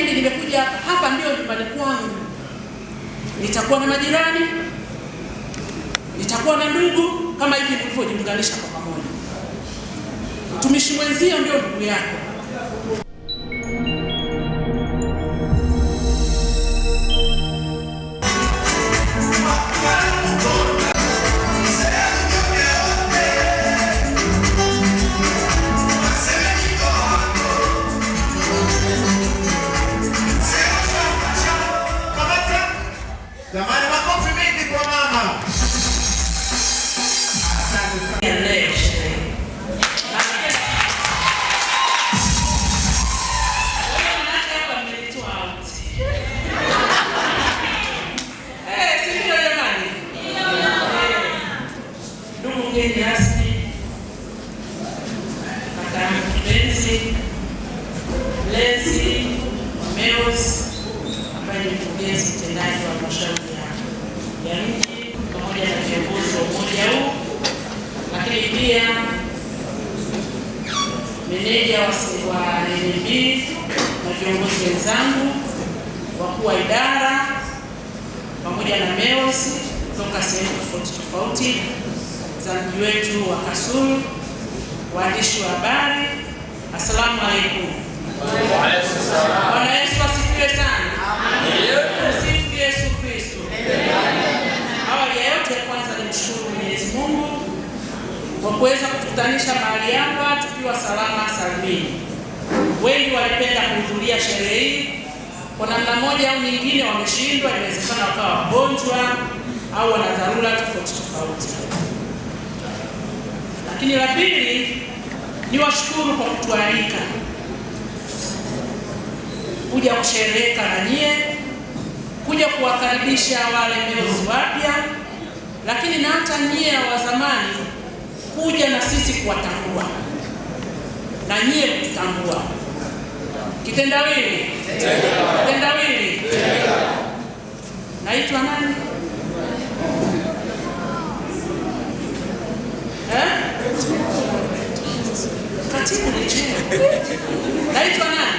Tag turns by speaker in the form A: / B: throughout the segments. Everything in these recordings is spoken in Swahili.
A: hili nimekuja hapa, hapa ndio nyumbani kwangu. Nitakuwa na majirani, nitakuwa na ndugu kama hivi nilivyojiunganisha kwa pamoja. Mtumishi mwenzio ndio ndugu yako.
B: pia meneja wa NMB na viongozi wenzangu, wakuu wa idara pamoja na MEOS kutoka sehemu tofauti tofauti za mji wetu wa Kasulu, waandishi wa habari, assalamu alaikum. Bwana Yesu asifiwe sana. kwa kuweza kutukutanisha mahali hapa tukiwa salama salimini. Wengi walipenda kuhudhuria sherehe hii, kwa namna moja au nyingine wameshindwa, inawezekana wakawa wagonjwa au wana dharura tofauti tofauti. Lakini la pili ni washukuru kwa kutualika kuja kushereheka na nyie, kuja kuwakaribisha wale meuzi wapya, lakini na hata nyie wa zamani kuja na sisi kuwatambua na nyie kututambua. Kitendawili, kitendawili. Naitwa nani? Eh? Katibu ni chini. Naitwa nani?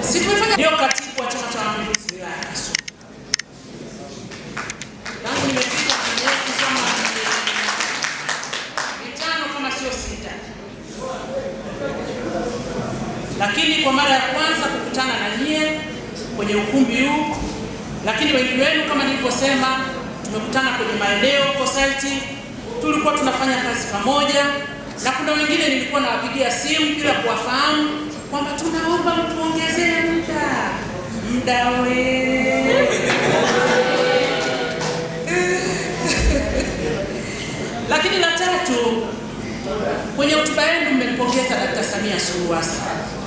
B: Situmefanya lakini kwa mara ya kwanza kukutana na nyie kwenye ukumbi huu, lakini wengi wenu kama nilivyosema, tumekutana kwenye maeneo huko tulikuwa tunafanya kazi pamoja, na kuna wengine nilikuwa nawapigia simu bila kuwafahamu kwamba tunaomba mtuongezee muda muda we lakini la tatu, kwenye hotuba yenu mmempongeza Dkt. Samia Suluhu Hassan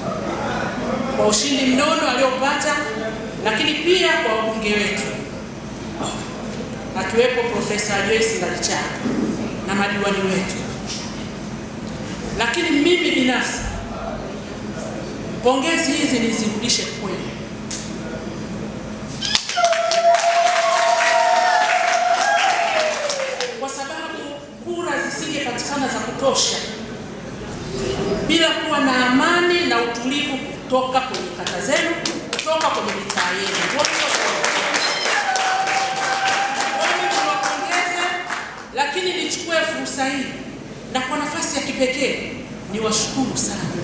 B: kwa ushindi mnono aliopata, lakini pia kwa wabunge wetu akiwepo Profesa Joyce Ndalichaka na madiwani wetu, lakini mimi binafsi pongezi hizi nizirudishe kweli Kwa sababu kura zisingepatikana za kutosha bila kuwa na amani na utulivu kutoka kwenye kata zenu, kutoka kwenye mitaa yenu. Tunawapongeza, lakini nichukue fursa hii na kwa nafasi ya kipekee niwashukuru sana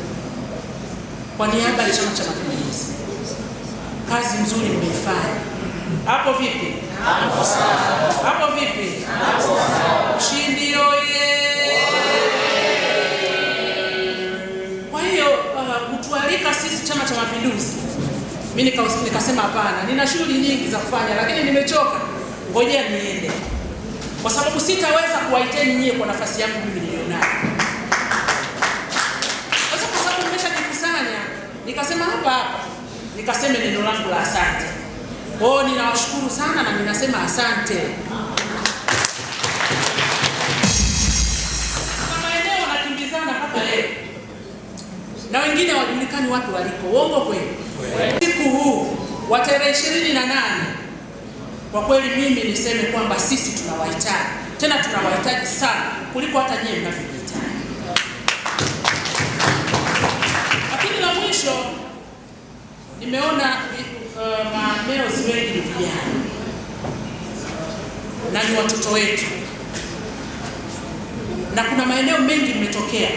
B: kwa niaba ya Chama cha Mapinduzi, kazi nzuri mmeifanya. Hapo vipi? Hapo vipi? cha Mapinduzi. Mimi nikasema hapana, nina shughuli nyingi za kufanya, lakini nimechoka, ngojea niende, kwa sababu sitaweza kuwaiteni nyie kwa nafasi yangu mimi nilionayo. Sasa kwa sababu mmeshajikusanya, nikasema hapa hapa nikaseme neno langu la asante. Kwao ninawashukuru sana na ninasema asante. na wengine hawajulikani watu waliko. Uongo kweli? Siku huu wa tarehe ishirini na nane kwa kweli mimi niseme kwamba sisi tunawahitaji, tena tunawahitaji sana kuliko hata nyinyi mnavyojihitaji. Lakini la mwisho nimeona uh, eh, mameos wengi ni vijana na ni watoto wetu, na kuna maeneo mengi mmetokea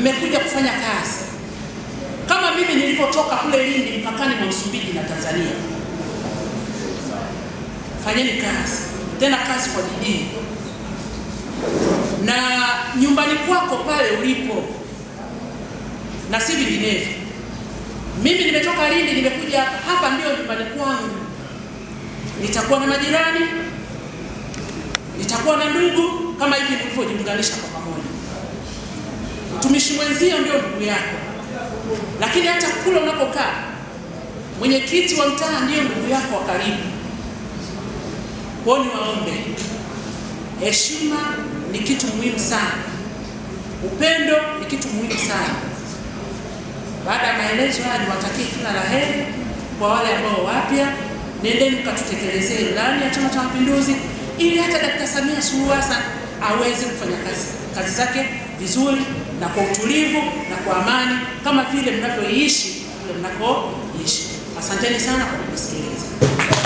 B: mmekuja kufanya kazi kama mimi nilivyotoka kule Lindi mpakani mwa Msumbiji na Tanzania. Fanyeni kazi tena, kazi kwa bidii, na nyumbani kwako pale ulipo, na si vinginevyo. Mimi nimetoka Lindi, nimekuja hapa, ndio nyumbani kwangu. Nitakuwa na majirani, nitakuwa na ndugu kama hivi nilivyojiunganisha kwa pamoja mtumishi mwenzio ndio ndugu yako, lakini hata kule unapokaa mwenyekiti wa mtaa ndiyo ndugu yako wa karibu. Kwao ni waombe, heshima ni kitu muhimu sana, upendo ni kitu muhimu sana. Baada ya maelezo haya, niwatakie kila la heri kwa wale ambao wapya, nendeni mkatutekelezee ilani ya Chama cha Mapinduzi ili hata Dakta Samia Suluhu Hassan aweze kufanya kazi, kazi zake vizuri na kwa utulivu na kwa amani kama vile mnavyoishi kule mnakoishi. Asanteni sana kwa kusikiliza.